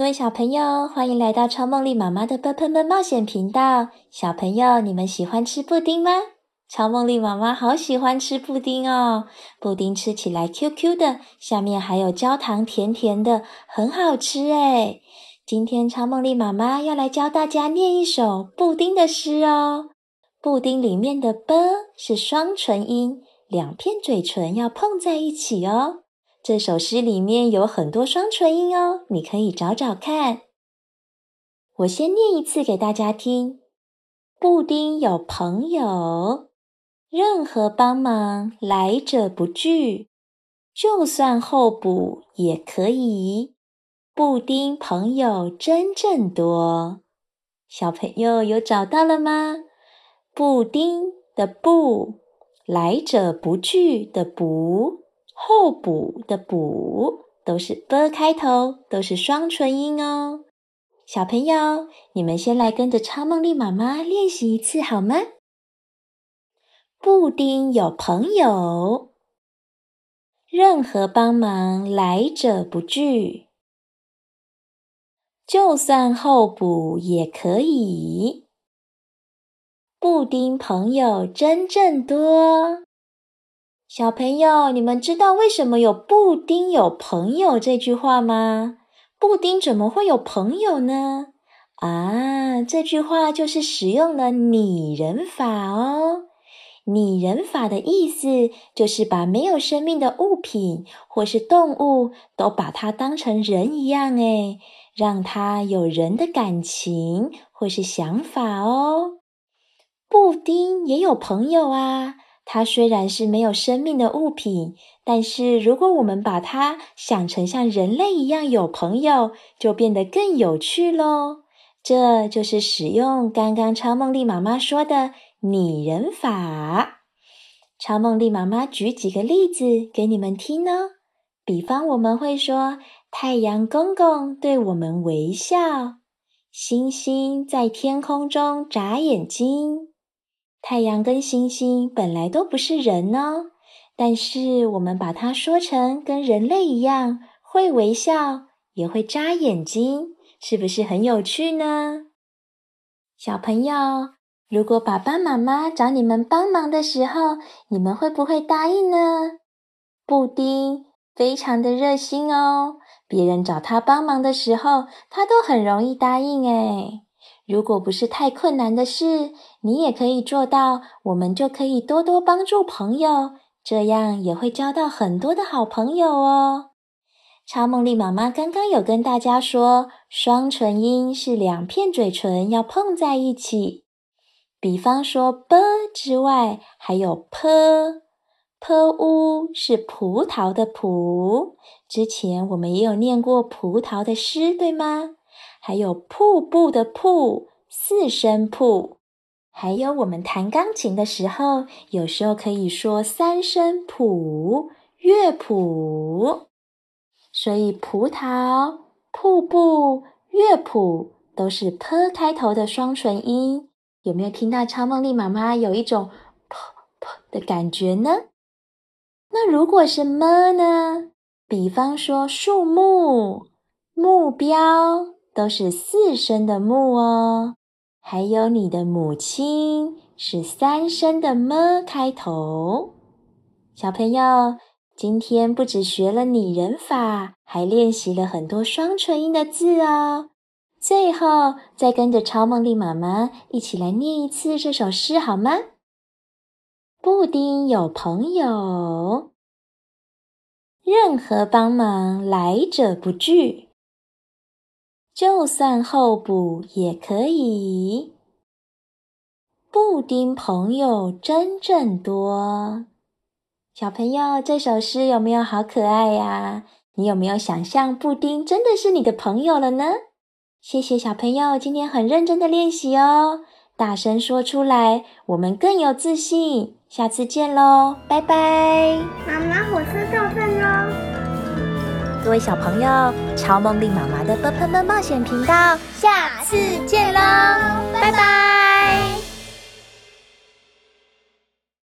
各位小朋友，歡迎來到超夢莉媽媽的“啵啵啵”冒險頻道。小朋友，你們喜歡吃布丁嗎？超夢莉媽媽好喜歡吃布丁哦，布丁吃起來 QQ 的，下面還有焦糖，甜甜的，很好吃哎。今天超夢莉媽媽要來教大家念一首布丁的詩哦。布丁裡面的“啵”是雙脣音，兩片嘴唇要碰在一起哦。這首詩裡面有很多雙唇音哦，你可以找找看。我先念一次給大家聽：布丁有朋友，任何幫忙來者不拒，就算候補也可以。布丁朋友真正多，小朋友有找到了嗎？布丁的布，來者不拒的不。候補的補都是 b 開頭，都是雙唇音哦。小朋友，你們先來跟着超夢莉媽媽練習一次好嗎？布丁有朋友，任何幫忙來者不拒，就算候補也可以。布丁朋友真正多。小朋友，你們知道為什麼有“布丁有朋友”這句話嗎？布丁怎麼會有朋友呢？啊，這句話就是使用了擬人法哦。擬人法的意思就是把沒有生命的物品或是動物都把它當成人一樣，誒，讓它有人的感情或是想法哦。布丁也有朋友啊。它雖然是沒有生命的物品，但是如果我們把它想成像人類一樣有朋友，就變得更有趣嘍。這就是使用剛剛超夢莉媽媽說的擬人法。超夢莉媽媽舉幾個例子給你們聽哦。比方，我們會說太陽公公對我們微笑，星星在天空中眨眼睛。太陽跟星星本來都不是人哦，但是我們把它說成跟人類一樣，會微笑，也會眨眼睛，是不是很有趣呢？小朋友，如果爸爸媽媽找你們幫忙的時候，你們會不會答應呢？布丁非常的熱心哦，別人找他幫忙的時候，他都很容易答應哎。如果不是太困難的事，你也可以做到。我們就可以多多幫助朋友，這樣也會交到很多的好朋友哦。超夢莉媽媽剛剛有跟大家說，雙唇音是兩片嘴唇要碰在一起。比方說，b 之外還有 p，p u 是葡萄的葡。之前我們也有念過葡萄的詩，對嗎？還有瀑布的瀑，四聲瀑；還有我們彈鋼琴的時候，有時候可以說三聲譜，樂譜。所以葡萄、瀑布、樂譜都是 p 開頭的雙唇音。有沒有聽到超夢莉媽媽有一種 p p 的感覺呢？那如果是 m 呢？比方說樹木、目標。都是四聲的木哦，還有你的母親是三聲的麼開頭。小朋友，今天不只學了擬人法，還練習了很多雙唇音的字哦。最後再跟着超夢莉媽媽一起來念一次這首詩好嗎？布丁有朋友，任何幫忙來者不拒。就算候補也可以，布丁朋友真正多。小朋友，這首詩有沒有好可愛呀？啊？你有沒有想象布丁真的是你的朋友了呢？謝謝小朋友今天很認真的練習哦，大聲說出來，我們更有自信。下次見嘍，拜拜。媽媽，火車到站嘍。各位小朋友，超夢莉媽媽的“笨笨笨冒險”頻道，下次見嘍，拜拜。拜拜。